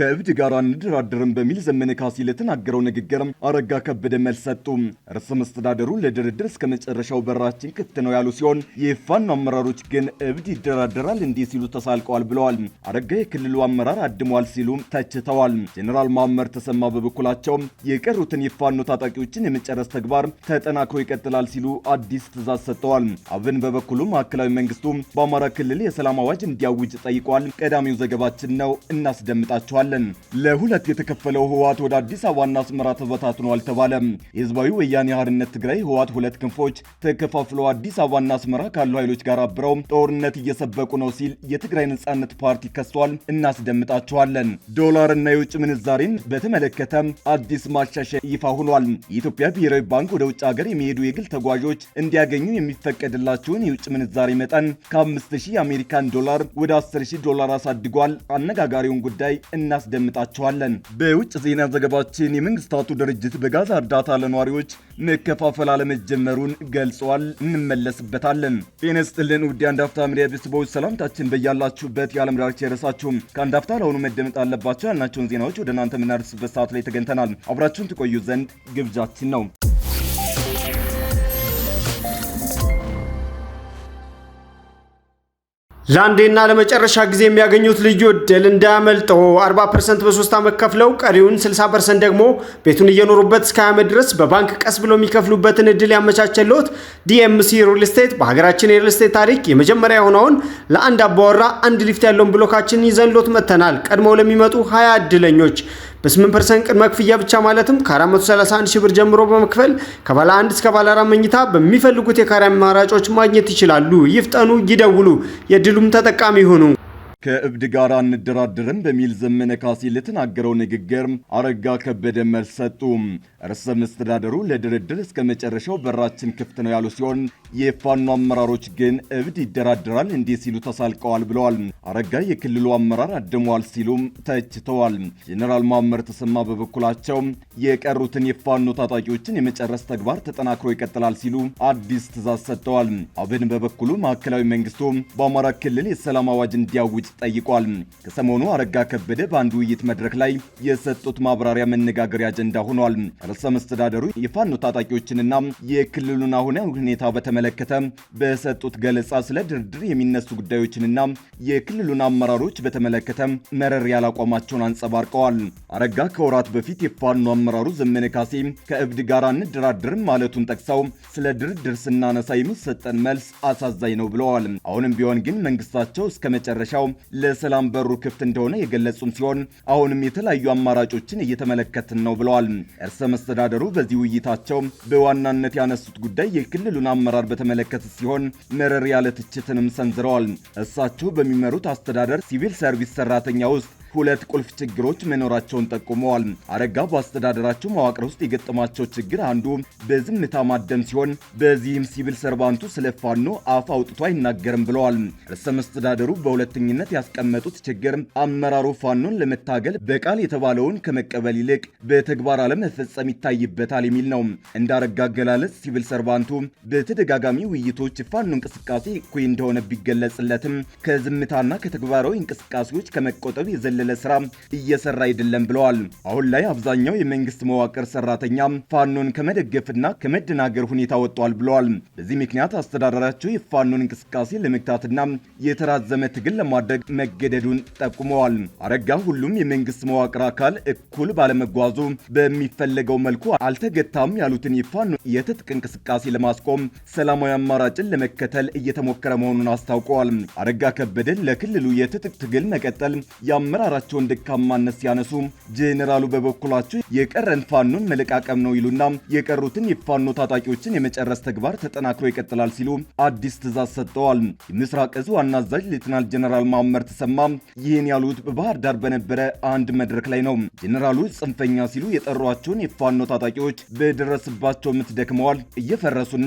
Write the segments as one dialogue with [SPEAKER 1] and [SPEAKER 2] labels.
[SPEAKER 1] ከእብድ ጋር አንደራደርም በሚል ዘመነ ካሴ ለተናገረው ንግግር አረጋ ከበደ መልስ ሰጡ። ርዕሰ መስተዳደሩ ለድርድር እስከ መጨረሻው በራችን ክፍት ነው ያሉ ሲሆን የፋኖ አመራሮች ግን እብድ ይደራደራል እንዲህ ሲሉ ተሳልቀዋል ብለዋል። አረጋ የክልሉ አመራር አድሟል ሲሉ ተችተዋል። ጀኔራል ማመር ተሰማ በበኩላቸው የቀሩትን የፋኖ ታጣቂዎችን የመጨረስ ተግባር ተጠናክሮ ይቀጥላል ሲሉ አዲስ ትእዛዝ ሰጥተዋል። አብን በበኩሉ ማዕከላዊ መንግስቱ በአማራ ክልል የሰላም አዋጅ እንዲያውጅ ጠይቋል። ቀዳሚው ዘገባችን ነው፣ እናስደምጣቸዋል። እናነሳለን። ለሁለት የተከፈለው ህወሓት ወደ አዲስ አበባና አስመራ ተበታትኗል ተባለ። የህዝባዊ ወያኔ ሓርነት ትግራይ ህወሓት ሁለት ክንፎች ተከፋፍለው አዲስ አበባና አስመራ ካሉ ኃይሎች ጋር አብረው ጦርነት እየሰበቁ ነው ሲል የትግራይ ነጻነት ፓርቲ ከሷል። እናስደምጣችኋለን። ዶላርና የውጭ ምንዛሬን በተመለከተ አዲስ ማሻሻያ ይፋ ሆኗል። የኢትዮጵያ ብሔራዊ ባንክ ወደ ውጭ ሀገር የሚሄዱ የግል ተጓዦች እንዲያገኙ የሚፈቀድላቸውን የውጭ ምንዛሬ መጠን ከ5000 የአሜሪካን ዶላር ወደ 10000 ዶላር አሳድጓል። አነጋጋሪውን ጉዳይ እና እናስደምጣቸዋለን። በውጭ ዜና ዘገባችን የመንግስታቱ ድርጅት በጋዛ እርዳታ ለነዋሪዎች መከፋፈል አለመጀመሩን ገልጸዋል። እንመለስበታለን። ጤና ይስጥልን ውድ አንዳፍታ ሚዲያ ቤተሰቦች፣ ሰላምታችን በያላችሁበት የዓለም ዳርቻ የረሳችሁም ከአንዳፍታ ለአሁኑ መደመጥ አለባቸው ያልናቸውን ዜናዎች ወደ እናንተ የምናደርስበት ሰዓት ላይ ተገኝተናል። አብራችሁን ትቆዩ ዘንድ ግብዣችን ነው።
[SPEAKER 2] ለአንዴና ለመጨረሻ ጊዜ የሚያገኙት ልዩ እድል እንዳያመልጠው 40 ፐርሰንት በሶስት ዓመት ከፍለው ቀሪውን 60 ፐርሰንት ደግሞ ቤቱን እየኖሩበት እስከ ዓመት ድረስ በባንክ ቀስ ብሎ የሚከፍሉበትን እድል ያመቻቸልዎት ዲኤምሲ ሪል ስቴት በሀገራችን የሪል ስቴት ታሪክ የመጀመሪያ የሆነውን ለአንድ አባወራ አንድ ሊፍት ያለውን ብሎካችን ይዘንሎት መጥተናል። ቀድመው ለሚመጡ 20 እድለኞች በ8 ፐርሰንት ቅድመ ክፍያ ብቻ ማለትም ከ431 ሺህ ብር ጀምሮ በመክፈል ከባለ አንድ እስከ ባለ አራት መኝታ በሚፈልጉት የካሬ አማራጮች ማግኘት ይችላሉ። ይፍጠኑ፣ ይደውሉ፣ የድሉም ተጠቃሚ ይሁኑ።
[SPEAKER 1] ከእብድ ጋር አንደራደርም በሚል ዘመነ ካሴ ለተናገረው ንግግር አረጋ ከበደ መልስ ሰጡ። ርዕሰ መስተዳደሩ ለድርድር እስከ መጨረሻው በራችን ክፍት ነው ያሉ ሲሆን የፋኖ አመራሮች ግን እብድ ይደራደራል እንዴ ሲሉ ተሳልቀዋል ብለዋል። አረጋ የክልሉ አመራር አድመዋል ሲሉም ተችተዋል። ጀኔራል ማመር ተሰማ በበኩላቸው የቀሩትን የፋኖ ታጣቂዎችን የመጨረስ ተግባር ተጠናክሮ ይቀጥላል ሲሉ አዲስ ትዛዝ ሰጥተዋል። አብን በበኩሉ ማዕከላዊ መንግስቱ በአማራ ክልል የሰላም አዋጅ እንዲያውጅ ጠይቋል። ከሰሞኑ አረጋ ከበደ በአንድ ውይይት መድረክ ላይ የሰጡት ማብራሪያ መነጋገሪያ አጀንዳ ሆኗል። ርዕሰ መስተዳደሩ የፋኖ ታጣቂዎችንና የክልሉን አሁን ሁኔታ በተመ በተመለከተ በሰጡት ገለጻ ስለ ድርድር የሚነሱ ጉዳዮችንና የክልሉን አመራሮች በተመለከተ መረር ያላቋማቸውን አንጸባርቀዋል። አረጋ ከወራት በፊት የፋኖ አመራሩ ዘመነ ካሴ ከእብድ ጋር አንደራደርም ማለቱን ጠቅሰው ስለ ድርድር ስናነሳ የሚሰጠን መልስ አሳዛኝ ነው ብለዋል። አሁንም ቢሆን ግን መንግስታቸው እስከ መጨረሻው ለሰላም በሩ ክፍት እንደሆነ የገለጹም ሲሆን አሁንም የተለያዩ አማራጮችን እየተመለከትን ነው ብለዋል። እርሰ መስተዳደሩ በዚህ ውይይታቸው በዋናነት ያነሱት ጉዳይ የክልሉን አመራር በተመለከተ ሲሆን መረር ያለ ትችትንም ሰንዝረዋል። እሳቸው በሚመሩት አስተዳደር ሲቪል ሰርቪስ ሰራተኛ ውስጥ ሁለት ቁልፍ ችግሮች መኖራቸውን ጠቁመዋል። አረጋ በአስተዳደራቸው መዋቅር ውስጥ የገጠማቸው ችግር አንዱ በዝምታ ማደም ሲሆን፣ በዚህም ሲቪል ሰርቫንቱ ስለ ፋኖ አፍ አውጥቶ አይናገርም ብለዋል። ርዕሰ መስተዳደሩ በሁለተኝነት ያስቀመጡት ችግር አመራሩ ፋኖን ለመታገል በቃል የተባለውን ከመቀበል ይልቅ በተግባር አለመፈጸም ይታይበታል የሚል ነው። እንዳረጋ አገላለጽ ሲቪል ሰርቫንቱ በተደጋጋሚ ውይይቶች ፋኖ እንቅስቃሴ እኩይ እንደሆነ ቢገለጽለትም ከዝምታና ከተግባራዊ እንቅስቃሴዎች ከመቆጠብ የዘለ ያካለለ ስራ እየሰራ አይደለም ብለዋል። አሁን ላይ አብዛኛው የመንግስት መዋቅር ሰራተኛ ፋኖን ከመደገፍና ከመደናገር ሁኔታ ወጥቷል ብለዋል። በዚህ ምክንያት አስተዳደራቸው የፋኖን እንቅስቃሴ ለመግታትና የተራዘመ ትግል ለማድረግ መገደዱን ጠቁመዋል። አረጋ ሁሉም የመንግስት መዋቅር አካል እኩል ባለመጓዙ በሚፈለገው መልኩ አልተገታም ያሉትን የፋኖ የትጥቅ እንቅስቃሴ ለማስቆም ሰላማዊ አማራጭን ለመከተል እየተሞከረ መሆኑን አስታውቀዋል። አረጋ ከበደን ለክልሉ የትጥቅ ትግል መቀጠል የአመራር የአመራራቸውን ደካማነት ሲያነሱ ጄኔራሉ በበኩላቸው የቀረን ፋኖን መለቃቀም ነው ይሉና የቀሩትን የፋኖ ታጣቂዎችን የመጨረስ ተግባር ተጠናክሮ ይቀጥላል ሲሉ አዲስ ትዛዝ ሰጥተዋል። የምስራቅ እዝ ዋና አዛዥ ሌትናል ጀነራል ማመር ተሰማ ይህን ያሉት በባህር ዳር በነበረ አንድ መድረክ ላይ ነው። ጀኔራሉ ጽንፈኛ ሲሉ የጠሯቸውን የፋኖ ታጣቂዎች በደረስባቸው ምት ደክመዋል፣ እየፈረሱና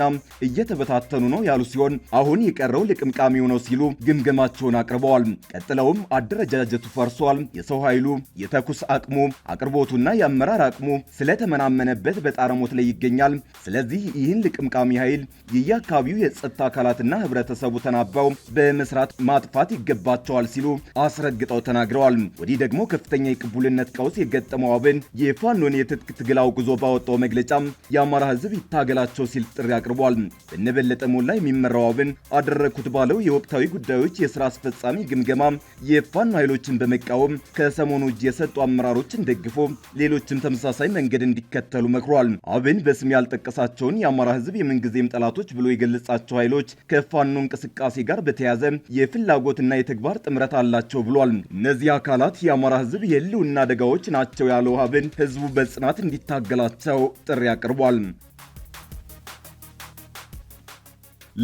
[SPEAKER 1] እየተበታተኑ ነው ያሉ ሲሆን አሁን የቀረው ልቅምቃሚው ነው ሲሉ ግምገማቸውን አቅርበዋል። ቀጥለውም አደረጃጀቱ ፈርሷል ተገልጿል። የሰው ኃይሉ የተኩስ አቅሙ አቅርቦቱና የአመራር አቅሙ ስለተመናመነበት በጣረሞት ላይ ይገኛል። ስለዚህ ይህን ልቅምቃሚ ኃይል የየአካባቢው የጸጥታ አካላትና ህብረተሰቡ ተናባው በመስራት ማጥፋት ይገባቸዋል ሲሉ አስረግጠው ተናግረዋል። ወዲህ ደግሞ ከፍተኛ የቅቡልነት ቀውስ የገጠመው አብን የፋኖን የትጥቅ ትግል አውግዞ ባወጣው መግለጫ የአማራ ህዝብ ይታገላቸው ሲል ጥሪ አቅርቧል። በነበለጠ ሞላ የሚመራው አብን አደረግኩት ባለው የወቅታዊ ጉዳዮች የስራ አስፈጻሚ ግምገማ የፋኖ ኃይሎችን በመቃወም በመቃወም ከሰሞኑ እጅ የሰጡ አመራሮችን ደግፎ ሌሎችም ተመሳሳይ መንገድ እንዲከተሉ መክሯል። አብን በስም ያልጠቀሳቸውን የአማራ ህዝብ የምንጊዜም ጠላቶች ብሎ የገለጻቸው ኃይሎች ከፋኖ እንቅስቃሴ ጋር በተያያዘ የፍላጎትና የተግባር ጥምረት አላቸው ብሏል። እነዚህ አካላት የአማራ ህዝብ የህልውና አደጋዎች ናቸው ያለው አብን ህዝቡ በጽናት እንዲታገላቸው ጥሪ አቅርቧል።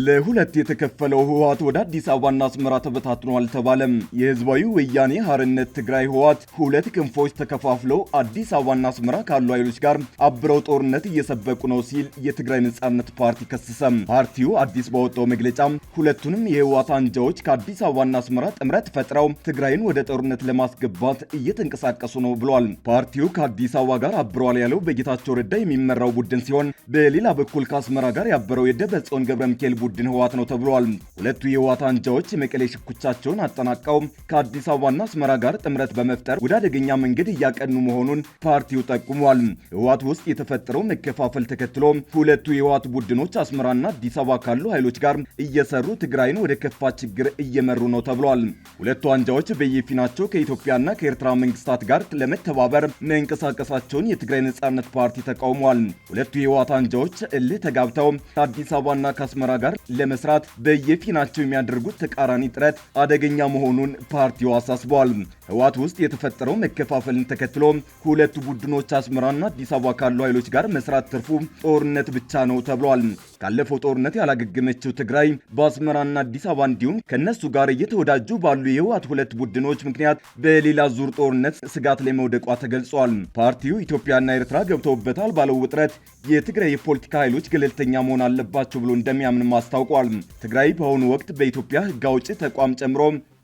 [SPEAKER 1] ለሁለት የተከፈለው ህወሓት ወደ አዲስ አበባና አስመራ ተበታትኖ አልተባለም። የህዝባዊ ወያኔ ሀርነት ትግራይ ህወሓት ሁለት ክንፎች ተከፋፍለው አዲስ አበባና አስመራ ካሉ ኃይሎች ጋር አብረው ጦርነት እየሰበቁ ነው ሲል የትግራይ ነጻነት ፓርቲ ከሰሰ። ፓርቲው አዲስ ባወጣው መግለጫ ሁለቱንም የህወሓት አንጃዎች ከአዲስ አበባና አስመራ ጥምረት ፈጥረው ትግራይን ወደ ጦርነት ለማስገባት እየተንቀሳቀሱ ነው ብሏል። ፓርቲው ከአዲስ አበባ ጋር አብረዋል ያለው በጌታቸው ረዳ የሚመራው ቡድን ሲሆን፣ በሌላ በኩል ከአስመራ ጋር ያበረው የደብረጽዮን ገብረ ሚካኤል ቡድን ህዋት ነው ተብሏል። ሁለቱ የህዋት አንጃዎች የመቀሌ ሽኩቻቸውን አጠናቀው ከአዲስ አበባና አስመራ ጋር ጥምረት በመፍጠር ወደ አደገኛ መንገድ እያቀኑ መሆኑን ፓርቲው ጠቁሟል። ህዋት ውስጥ የተፈጠረው መከፋፈል ተከትሎ ሁለቱ የህዋት ቡድኖች አስመራና አዲስ አበባ ካሉ ኃይሎች ጋር እየሰሩ ትግራይን ወደ ከፋ ችግር እየመሩ ነው ተብሏል። ሁለቱ አንጃዎች በየፊናቸው ከኢትዮጵያና ከኤርትራ መንግስታት ጋር ለመተባበር መንቀሳቀሳቸውን የትግራይ ነጻነት ፓርቲ ተቃውሟል። ሁለቱ የህዋት አንጃዎች እልህ ተጋብተው ከአዲስ አበባና ከአስመራ ጋር ጋር ለመስራት በየፊናቸው የሚያደርጉት ተቃራኒ ጥረት አደገኛ መሆኑን ፓርቲው አሳስበዋል። ህወሓት ውስጥ የተፈጠረው መከፋፈልን ተከትሎ ሁለቱ ቡድኖች አስመራና አዲስ አበባ ካሉ ኃይሎች ጋር መስራት ትርፉ ጦርነት ብቻ ነው ተብሏል። ካለፈው ጦርነት ያላገገመችው ትግራይ በአስመራና አዲስ አበባ እንዲሁም ከእነሱ ጋር እየተወዳጁ ባሉ የህወሓት ሁለት ቡድኖች ምክንያት በሌላ ዙር ጦርነት ስጋት ላይ መውደቋ ተገልጿል። ፓርቲው ኢትዮጵያና ኤርትራ ገብተውበታል ባለው ውጥረት የትግራይ የፖለቲካ ኃይሎች ገለልተኛ መሆን አለባቸው ብሎ እንደሚያምን አስታውቋል። ትግራይ በአሁኑ ወቅት በኢትዮጵያ ህግ አውጪ ተቋም ጨምሮ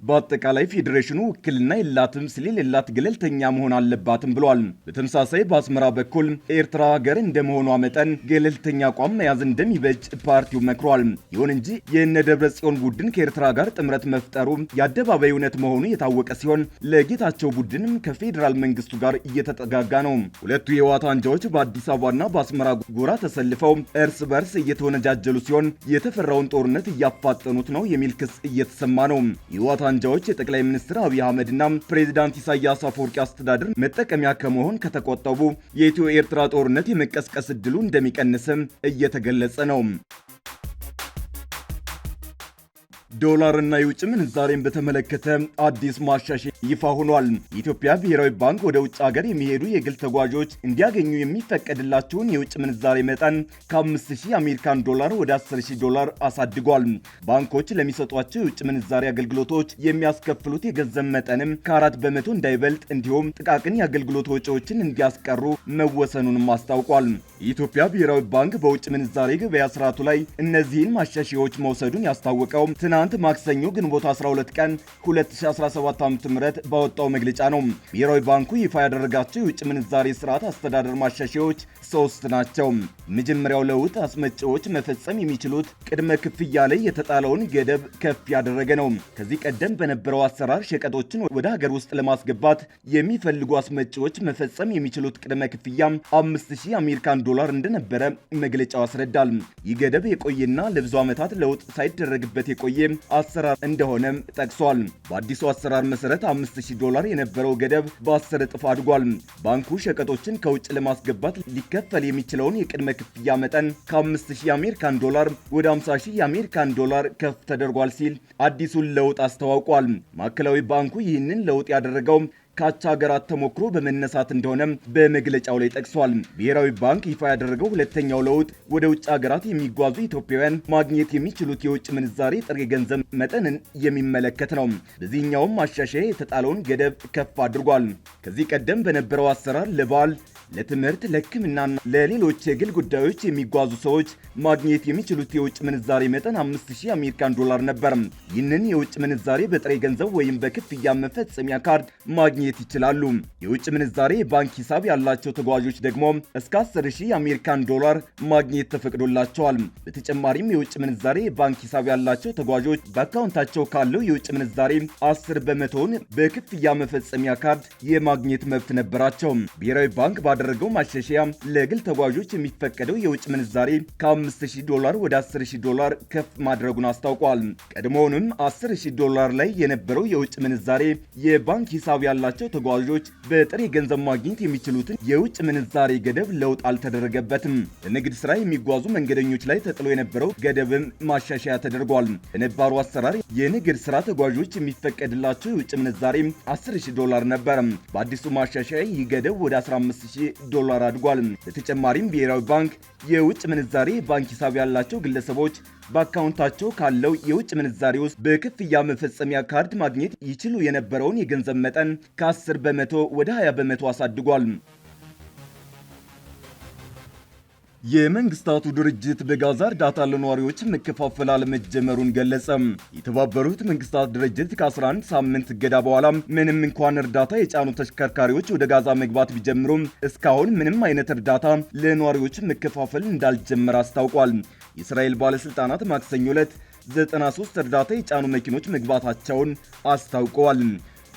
[SPEAKER 1] በአጠቃላይ ፌዴሬሽኑ ውክልና የላትም፣ የሌላት ገለልተኛ መሆን አለባትም ብሏል። በተመሳሳይ በአስመራ በኩል ኤርትራ ሀገር እንደመሆኗ መጠን ገለልተኛ አቋም መያዝ እንደሚበጅ ፓርቲው መክሯል። ይሁን እንጂ የእነ ደብረ ጽዮን ቡድን ከኤርትራ ጋር ጥምረት መፍጠሩ የአደባባይ እውነት መሆኑ የታወቀ ሲሆን ለጌታቸው ቡድንም ከፌዴራል መንግስቱ ጋር እየተጠጋጋ ነው። ሁለቱ የህወሓት አንጃዎች በአዲስ አበባና በአስመራ ጎራ ተሰልፈው እርስ በርስ እየተወነጃጀሉ ሲሆን የተፈራውን ጦርነት እያፋጠኑት ነው የሚል ክስ እየተሰማ ነው። አንጃዎች የጠቅላይ ሚኒስትር አብይ አህመድና ፕሬዚዳንት ኢሳያስ አፈወርቂ አስተዳደር መጠቀሚያ ከመሆን ከተቆጠቡ የኢትዮ ኤርትራ ጦርነት የመቀስቀስ እድሉ እንደሚቀንስም እየተገለጸ ነው። ዶላርና የውጭ ምንዛሬን በተመለከተ አዲስ ማሻሻያ ይፋ ሆኗል። የኢትዮጵያ ብሔራዊ ባንክ ወደ ውጭ ሀገር የሚሄዱ የግል ተጓዦች እንዲያገኙ የሚፈቀድላቸውን የውጭ ምንዛሬ መጠን ከ5000 አሜሪካን ዶላር ወደ 10000 ዶላር አሳድጓል። ባንኮች ለሚሰጧቸው የውጭ ምንዛሬ አገልግሎቶች የሚያስከፍሉት የገንዘብ መጠንም ከአራት በመቶ እንዳይበልጥ እንዲሁም ጥቃቅን የአገልግሎት ወጪዎችን እንዲያስቀሩ መወሰኑንም አስታውቋል። የኢትዮጵያ ብሔራዊ ባንክ በውጭ ምንዛሬ ገበያ ስርዓቱ ላይ እነዚህን ማሻሻያዎች መውሰዱን ያስታወቀው ትናንት ትናንት ማክሰኞ ግንቦት 12 ቀን 2017 ዓ.ም ባወጣው መግለጫ ነው። ብሔራዊ ባንኩ ይፋ ያደረጋቸው የውጭ ምንዛሬ ስርዓት አስተዳደር ማሻሻያዎች ሶስት ናቸው። መጀመሪያው ለውጥ አስመጪዎች መፈጸም የሚችሉት ቅድመ ክፍያ ላይ የተጣለውን ገደብ ከፍ ያደረገ ነው። ከዚህ ቀደም በነበረው አሰራር ሸቀጦችን ወደ ሀገር ውስጥ ለማስገባት የሚፈልጉ አስመጪዎች መፈጸም የሚችሉት ቅድመ ክፍያ 5000 አሜሪካን ዶላር እንደነበረ መግለጫው ያስረዳል። ይህ ገደብ የቆየና ለብዙ ዓመታት ለውጥ ሳይደረግበት የቆየ አሰራር እንደሆነም ጠቅሷል። በአዲሱ አሰራር መሰረት 5000 ዶላር የነበረው ገደብ በ10 እጥፍ አድጓል። ባንኩ ሸቀጦችን ከውጭ ለማስገባት ሊከፈል የሚችለውን የቅድመ ክፍያ መጠን ከ5000 የአሜሪካን ዶላር ወደ 50000 የአሜሪካን ዶላር ከፍ ተደርጓል ሲል አዲሱን ለውጥ አስተዋውቋል። ማዕከላዊ ባንኩ ይህንን ለውጥ ያደረገው ከአቻ ሀገራት ተሞክሮ በመነሳት እንደሆነም በመግለጫው ላይ ጠቅሷል። ብሔራዊ ባንክ ይፋ ያደረገው ሁለተኛው ለውጥ ወደ ውጭ ሀገራት የሚጓዙ ኢትዮጵያውያን ማግኘት የሚችሉት የውጭ ምንዛሬ ጥሬ ገንዘብ መጠንን የሚመለከት ነው። በዚህኛውም ማሻሻያ የተጣለውን ገደብ ከፍ አድርጓል። ከዚህ ቀደም በነበረው አሰራር ለበዓል ለትምህርት፣ ለሕክምናና ለሌሎች የግል ጉዳዮች የሚጓዙ ሰዎች ማግኘት የሚችሉት የውጭ ምንዛሬ መጠን 5000 አሜሪካን ዶላር ነበር። ይህንን የውጭ ምንዛሬ በጥሬ ገንዘብ ወይም በክፍያ መፈጸሚያ ካርድ ማግኘት ይችላሉ። የውጭ ምንዛሬ ባንክ ሂሳብ ያላቸው ተጓዦች ደግሞ እስከ 10000 የአሜሪካን ዶላር ማግኘት ተፈቅዶላቸዋል። በተጨማሪም የውጭ ምንዛሬ ባንክ ሂሳብ ያላቸው ተጓዦች በአካውንታቸው ካለው የውጭ ምንዛሬ 10 በመቶውን በክፍያ መፈጸሚያ ካርድ የማግኘት መብት ነበራቸው። ብሔራዊ ባንክ ባደረገው ማሻሻያ ለግል ተጓዦች የሚፈቀደው የውጭ ምንዛሬ ከ5000 ዶላር ወደ 10000 ዶላር ከፍ ማድረጉን አስታውቋል። ቀድሞውንም 10000 ዶላር ላይ የነበረው የውጭ ምንዛሬ የባንክ ሂሳብ ያላቸው ተጓዦች በጥሬ ገንዘብ ማግኘት የሚችሉትን የውጭ ምንዛሬ ገደብ ለውጥ አልተደረገበትም። ለንግድ ስራ የሚጓዙ መንገደኞች ላይ ተጥሎ የነበረው ገደብም ማሻሻያ ተደርጓል። በነባሩ አሰራር የንግድ ስራ ተጓዦች የሚፈቀድላቸው የውጭ ምንዛሬ 10000 ዶላር ነበር። በአዲሱ ማሻሻያ ይህ ገደብ ወደ 15000 ዶላር አድጓል። በተጨማሪም ብሔራዊ ባንክ የውጭ ምንዛሬ ባንክ ሂሳብ ያላቸው ግለሰቦች በአካውንታቸው ካለው የውጭ ምንዛሬ ውስጥ በክፍያ መፈጸሚያ ካርድ ማግኘት ይችሉ የነበረውን የገንዘብ መጠን ከ10 በመቶ ወደ 20 በመቶ አሳድጓል። የመንግስታቱ ድርጅት በጋዛ እርዳታ ለነዋሪዎች መከፋፈል አለመጀመሩን ገለጸም። የተባበሩት መንግስታት ድርጅት ከ11 ሳምንት እገዳ በኋላ ምንም እንኳን እርዳታ የጫኑ ተሽከርካሪዎች ወደ ጋዛ መግባት ቢጀምሩም እስካሁን ምንም አይነት እርዳታ ለነዋሪዎች መከፋፈል እንዳልጀመረ አስታውቋል። የእስራኤል ባለሥልጣናት ማክሰኞ ዕለት 93 እርዳታ የጫኑ መኪኖች መግባታቸውን አስታውቀዋል።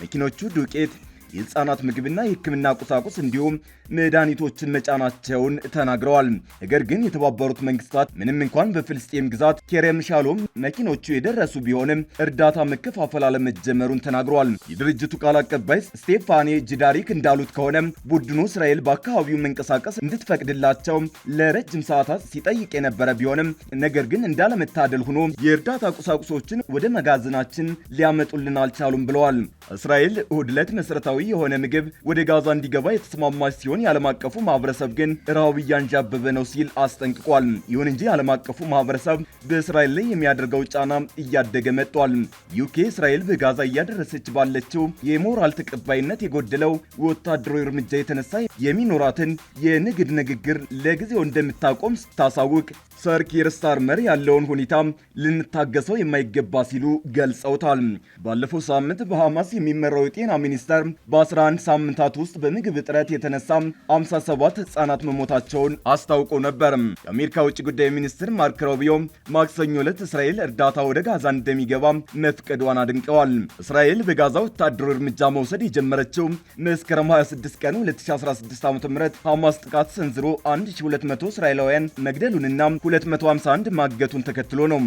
[SPEAKER 1] መኪኖቹ ዱቄት የህፃናት ምግብና የህክምና ቁሳቁስ እንዲሁም መድኃኒቶችን መጫናቸውን ተናግረዋል። ነገር ግን የተባበሩት መንግስታት ምንም እንኳን በፍልስጤም ግዛት ኬሬም ሻሎም መኪኖቹ የደረሱ ቢሆንም እርዳታ መከፋፈል አለመጀመሩን ተናግረዋል። የድርጅቱ ቃል አቀባይ ስቴፋኒ ጅዳሪክ እንዳሉት ከሆነ ቡድኑ እስራኤል በአካባቢው መንቀሳቀስ እንድትፈቅድላቸው ለረጅም ሰዓታት ሲጠይቅ የነበረ ቢሆንም ነገር ግን እንዳለመታደል ሆኖ የእርዳታ ቁሳቁሶችን ወደ መጋዘናችን ሊያመጡልን አልቻሉም ብለዋል። እስራኤል እሁድ ዕለት መሠረታዊ ዘመናዊ የሆነ ምግብ ወደ ጋዛ እንዲገባ የተስማማች ሲሆን የዓለም አቀፉ ማህበረሰብ ግን ረሃቡ እያንዣበበ ነው ሲል አስጠንቅቋል። ይሁን እንጂ የዓለም አቀፉ ማህበረሰብ በእስራኤል ላይ የሚያደርገው ጫና እያደገ መጥቷል። ዩኬ እስራኤል በጋዛ እያደረሰች ባለችው የሞራል ተቀባይነት የጎደለው ወታደራዊ እርምጃ የተነሳ የሚኖራትን የንግድ ንግግር ለጊዜው እንደምታቆም ስታሳውቅ ሰር ኪር ስታርመር ያለውን ሁኔታ ልንታገሰው የማይገባ ሲሉ ገልጸውታል። ባለፈው ሳምንት በሐማስ የሚመራው የጤና ሚኒስቴር በ11 ሳምንታት ውስጥ በምግብ እጥረት የተነሳ 57 ህጻናት መሞታቸውን አስታውቆ ነበር። የአሜሪካ ውጭ ጉዳይ ሚኒስትር ማርክ ሮቢዮ ማክሰኞ ዕለት እስራኤል እርዳታ ወደ ጋዛ እንደሚገባ መፍቀዷን አድንቀዋል። እስራኤል በጋዛ ወታደራዊ እርምጃ መውሰድ የጀመረችው መስከረም 26 ቀን 2016 ዓ.ም ሐማስ ጥቃት ሰንዝሮ 1200 እስራኤላውያን መግደሉንና 251 ማገቱን ተከትሎ ነው።